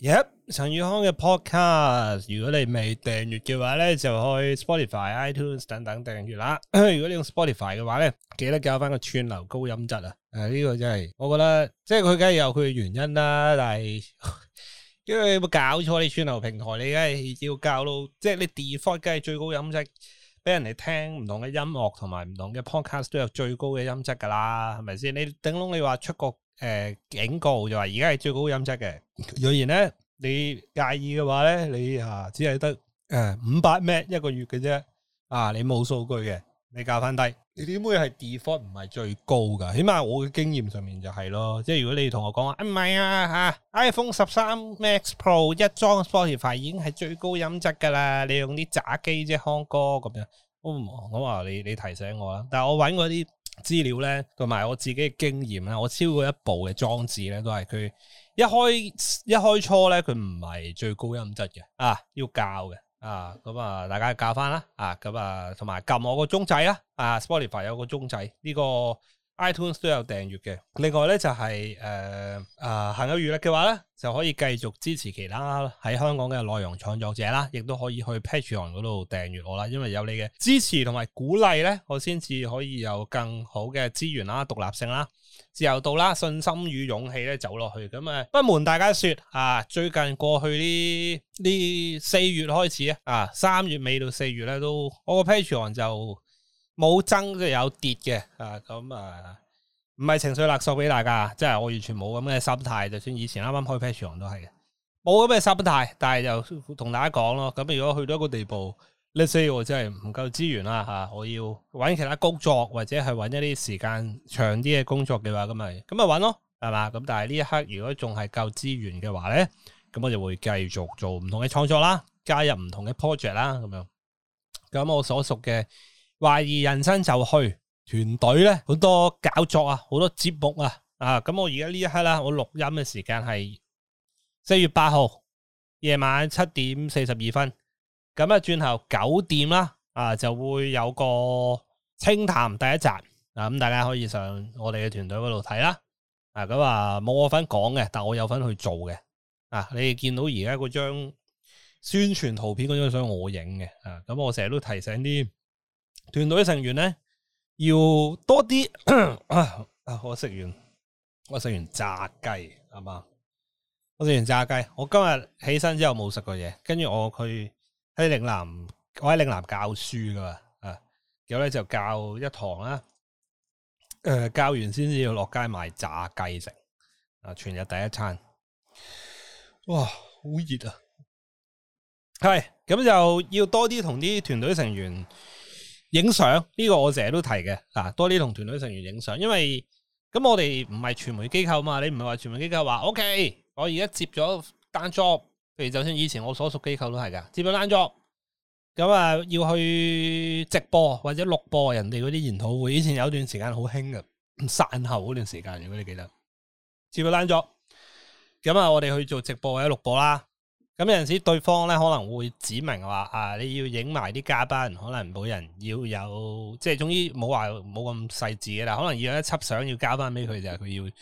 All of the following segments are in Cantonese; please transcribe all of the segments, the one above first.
yep 陳宇康嘅 podcast，如果你未訂閱嘅話咧，就去 Spotify、iTunes 等等訂閱啦。 如果你用 Spotify 嘅話咧，記得教翻個串流高音質啊！誒、呃，呢、這個真係，我覺得即係佢梗係有佢嘅原因啦。但係 因為有冇搞錯？你串流平台，你梗係要教到，即、就、係、是、你 default 梗係最高音質俾人哋聽。唔同嘅音樂同埋唔同嘅 podcast 都有最高嘅音質噶啦，係咪先？你頂籠你話出國？誒，警告就話而家係最高音質嘅。若然咧，你介意嘅話咧，你啊只係得誒五百 Mbps 一個月嘅啫。啊，你冇數據嘅，你教翻低。你點會係 default 唔係最高噶？起碼我嘅經驗上面就係咯。即係如果你同我講話唔係啊吓、啊啊、，iPhone 十三 Max Pro 一裝 Spotify 已經係最高音質噶啦。你用啲炸機啫，康哥咁樣。我我話你你提醒我啦。但係我揾嗰啲。資料咧，同埋我自己嘅經驗咧，我超過一部嘅裝置咧，都係佢一開一開初咧，佢唔係最高音質嘅啊，要教嘅啊，咁啊，大家教翻啦啊，咁啊，同埋撳我個鐘仔啦啊，Spotify 有個鐘仔呢、呢個。iTunes 都有訂閱嘅，另外咧就係誒啊，行有餘力嘅話咧，就可以繼續支持其他喺香港嘅內容創作者啦，亦都可以去 Patreon 嗰度訂閱我啦，因為有你嘅支持同埋鼓勵咧，我先至可以有更好嘅資源啦、獨立性啦、自由度啦、信心與勇氣咧走落去。咁啊，不瞞大家說啊，最近過去呢呢四月開始啊，三月尾到四月咧都我個 Patreon 就。冇增就有跌嘅，啊咁啊，唔係情緒勒索俾大家，即係我完全冇咁嘅心態，就算以前啱啱開 pet shop 都係嘅，冇咁嘅心態，但係就同大家講咯，咁、啊、如果去到一個地步，let’s say 我真係唔夠資源啦，吓、啊，我要搵其他工作或者係搵一啲時間長啲嘅工作嘅話，咁咪咁咪搵咯，係嘛，咁、啊、但係呢一刻如果仲係夠資源嘅話咧，咁我就會繼續做唔同嘅創作啦，加入唔同嘅 project 啦，咁、啊、樣，咁、啊啊、我所屬嘅。懷疑人生就去團隊咧，好多搞作啊，好多節目啊，啊咁我而家呢一刻啦，我錄音嘅時間係四月八號夜晚七點四十二分，咁啊轉頭九點啦，啊就會有個清談第一集，啊咁大家可以上我哋嘅團隊嗰度睇啦，啊咁啊冇我份講嘅，但我有份去做嘅，啊你見到而家嗰張宣傳圖片嗰張相我影嘅，啊咁我成日都提醒啲。團隊成員咧要多啲。啊，我食完，我食完炸雞，係嘛？我食完炸雞，我今日起身之後冇食過嘢，跟住我去喺嶺南，我喺嶺南教書噶嘛，啊，然後咧就教一堂啦。誒，教完先至要落街買炸雞食，啊，全日第一餐。哇，好熱啊！係，咁就要多啲同啲團隊成員影相呢個我成日都提嘅，啊，多啲同團隊成員影相，因為咁我哋唔係傳媒機構嘛，你唔係話傳媒機構話 OK，我而家接咗單 job，譬如，就算以前我所屬機構都係噶，接咗單 job，咁，啊要去直播或者錄播人哋嗰啲研討會，以前有一段時間好興噶，散後嗰段時間如果你記得，接咗單 job，咁，啊我哋去做直播或者錄播啦。咁有陣時對方咧可能會指明話啊，你要影埋啲嘉賓，可能每人要有，即係終於冇話冇咁細致嘅啦。可能要有一輯相要交翻俾佢就，佢要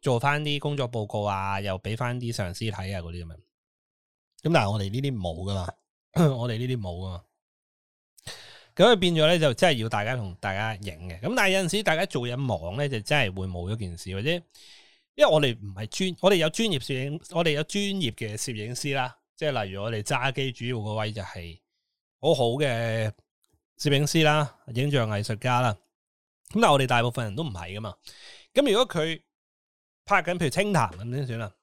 做翻啲工作報告啊，又俾翻啲上司睇啊嗰啲咁樣。咁但係我哋呢啲冇噶嘛，我哋呢啲冇噶嘛。咁啊變咗咧就真係要大家同大家影嘅。咁但係有陣時大家做嘢忙咧就真係會冇一件事，或者因為我哋唔係專，我哋有專業攝影，我哋有專業嘅攝影師啦。即係例如我哋揸機主要個位就係好好嘅攝影師啦、影像藝術家啦。咁但係我哋大部分人都唔係噶嘛。咁如果佢拍緊譬如清談咁先算啦。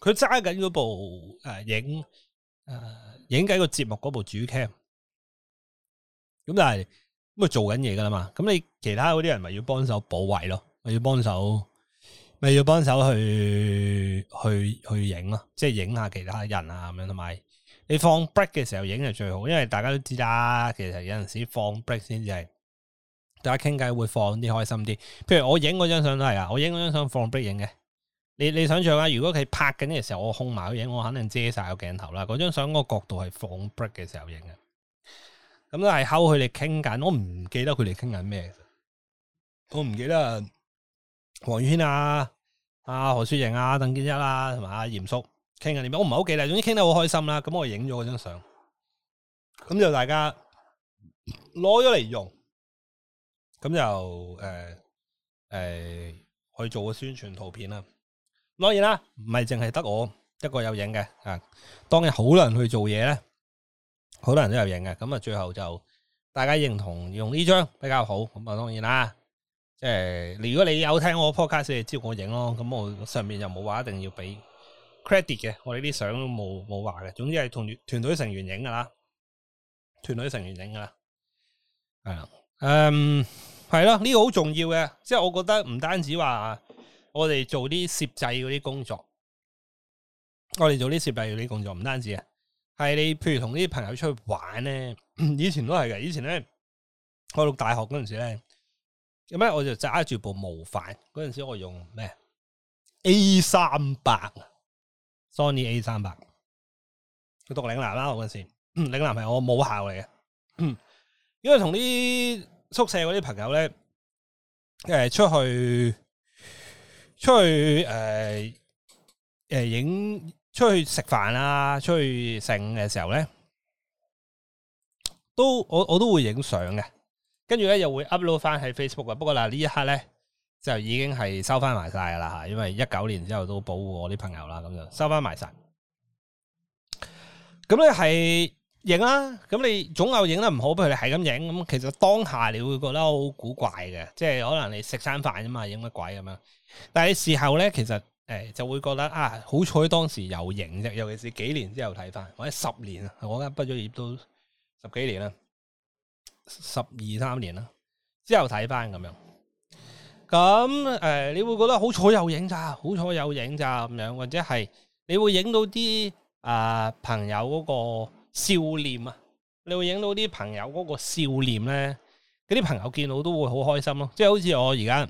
佢揸緊嗰部誒影誒影緊個節目嗰部主 cam。咁但係咁啊做緊嘢噶啦嘛。咁你其他嗰啲人咪要幫手保衛咯，咪要幫手。你要幫手去去去影咯，即係影下其他人啊咁樣，同埋你放 break 嘅時候影係最好，因為大家都知啦。其實有陣時放 break 先至係大家傾偈會放啲開心啲。譬如我影嗰張相都係啊，我影嗰張相放 break 影嘅。你你想象下，如果佢拍緊嘅時候我空埋去影，我肯定遮晒個鏡頭啦。嗰張相嗰個角度係放 break 嘅時候影嘅。咁都係後佢哋傾緊，我唔記得佢哋傾緊咩。我唔記得啊，黃宇軒啊。啊何舒盈、啊、鄧、啊、建一啦、啊，同埋阿嚴叔傾啊啲咩、啊？我唔係好記得，總之傾得好開心啦、啊。咁我影咗嗰張相，咁就大家攞咗嚟用，咁就誒誒、呃呃、去做個宣傳圖片啦。當然啦、啊，唔係淨係得我一個有影嘅啊。當日好多人去做嘢咧，好多人都有影嘅。咁啊，最後就大家認同用呢張比較好。咁啊，當然啦。誒、呃，如果你有聽我的 podcast，你照我影咯，咁我上面又冇話一定要俾 credit 嘅，我哋啲相都冇冇話嘅，總之係同團隊成員影噶啦，團隊成員影噶啦，係啦，嗯，係咯，呢、這個好重要嘅，即係我覺得唔單止話我哋做啲攝製嗰啲工作，我哋做啲攝製嗰啲工作唔單止啊，係你，譬如同啲朋友出去玩咧，以前都係嘅，以前咧，我讀大學嗰陣時咧。咁咧、啊，我就揸住部無反，嗰陣時我用咩 A 三百 Sony A 三百，去讀嶺南啦。我嗰陣時嶺南係我母校嚟嘅，因為同啲宿舍嗰啲朋友咧，誒出去出去誒誒影出去食飯啊，出去食嘅時候咧，都我我都會影相嘅。跟住咧又會 upload 翻喺 Facebook 嘅，不過呢一刻咧就已經係收翻埋晒噶啦吓，因為一九年之後都保護我啲朋友啦，咁就收翻埋晒。咁咧係影啦，咁你總有影得唔好，譬如你係咁影，咁其實當下你會覺得好古怪嘅，即係可能你食餐飯啊嘛，影乜鬼咁樣？但係事後咧，其實誒、欸、就會覺得啊，好彩當時有影啫，尤其是幾年之後睇翻，或者十年啊，我而家畢咗業都十幾年啦。十二三年啦，之後睇翻咁樣，咁誒、欸，你會覺得好彩有影咋，好彩有影咋咁樣，或者係你會影到啲啊朋友嗰個笑臉啊，你會影到啲、呃、朋友嗰個笑臉咧，嗰啲朋，朋友見到都會好開心咯，即係好似我而家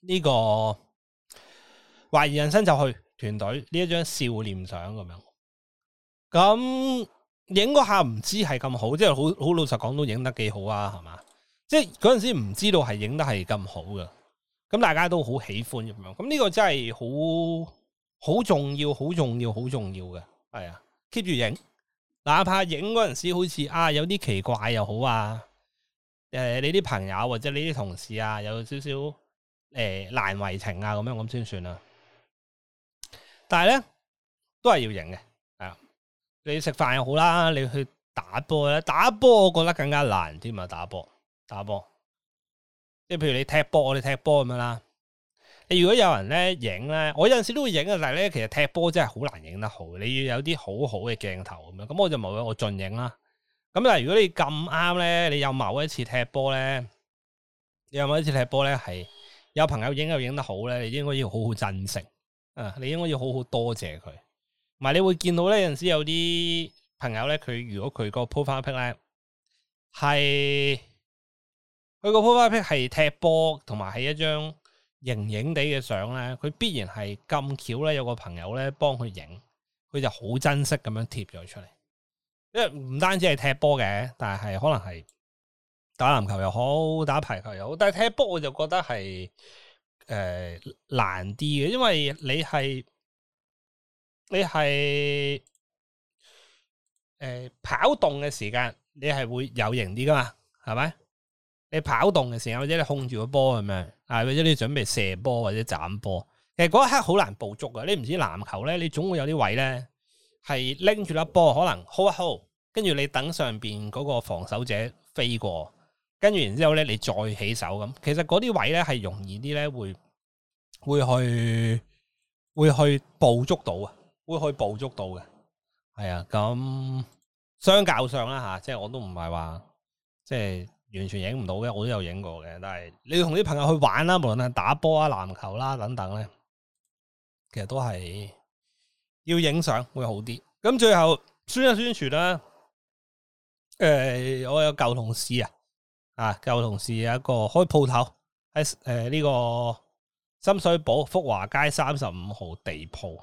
呢個懷疑人生就去團隊呢一張笑臉相咁樣，咁。影嗰下唔知係咁好，即係好好老實講都影得幾好啊，係嘛？即係嗰陣時唔知道係影得係咁好嘅，咁大家都好喜歡咁樣。咁呢個真係好好重要、好重要、好重要嘅，係啊！keep 住影，哪怕影嗰陣時好似啊有啲奇怪又好啊，誒、就是，你啲朋友或者你啲同事啊有少少誒難為情啊咁樣，咁先算啦。但係咧，都係要影嘅。你食飯又好啦，你去打波啦。打波我覺得更加難添啊！打波，打波，即係譬如你踢波，我哋踢波咁樣啦。你如果有人咧影咧，我有陣時都會影嘅，但係咧其實踢波真係好難影得好，你要有啲好好嘅鏡頭咁樣，咁我就冇得我盡影啦。咁但係如果你咁啱咧，你有某一次踢波咧，你有某一次踢波咧係有朋友影又影得好咧，你應該要好好珍惜啊！你應該要好好多謝佢。咪你會見到咧，有陣時有啲朋友咧，佢如果佢個 po 翻 pic 咧，係佢個 po 翻 pic 係踢波，同埋係一張影影地嘅相咧，佢必然係咁巧咧，有個朋友咧幫佢影，佢就好珍惜咁樣貼咗出嚟。因為唔單止係踢波嘅，但係可能係打籃球又好，打排球又好，但係踢波我就覺得係誒、呃、難啲嘅，因為你係。你係誒、呃、跑動嘅時間，你係會有型啲噶嘛？係咪？你跑動嘅時間或者你控住個波咁樣，或者你準備射波或者斬波，其實嗰一刻好難捕捉噶。你唔知籃球咧，你總會有啲位咧係拎住粒波，可能 hold 一 hold，跟住你等上邊嗰個防守者飛過，跟住然之後咧你再起手咁。其實嗰啲位咧係容易啲咧，會會去會去捕捉到啊。會可以捕捉到嘅，係啊，咁、嗯、相較上啦吓，即係我都唔係話即係完全影唔到嘅，我都有影過嘅。但係你要同啲朋友去玩啦，無論係打波啊、籃球啦等等咧，其實都係要影相會好啲。咁、嗯、最後宣傳一宣傳啦，誒、呃，我有舊同事啊，啊，舊同事有一個開鋪頭喺誒呢個深水埗福華街三十五號地鋪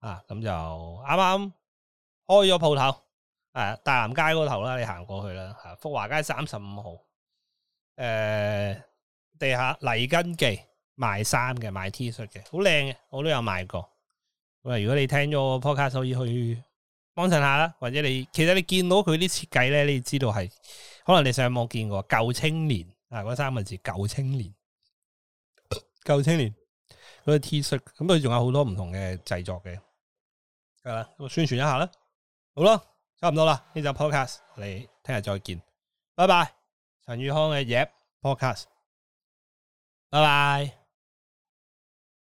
啊，咁就啱啱開咗鋪頭，誒、啊，大南街嗰頭啦，你行過去啦，吓、啊，福華街三十五號，誒、啊，地下黎根記賣衫嘅，賣 T 恤嘅，好靚嘅，我都有賣過。喂、啊，如果你聽咗我 podcast，可以幫襯下啦，或者你其實你見到佢啲設計咧，你知道係可能你上網見過舊青年啊，嗰三個字舊青年，舊青年嗰個 T 恤，咁佢仲有好多唔同嘅製作嘅。咁、嗯、宣傳一下啦，好啦，差唔多啦，呢集 podcast 我哋聽日再見，拜拜，陳宇康嘅 Yap podcast，拜拜。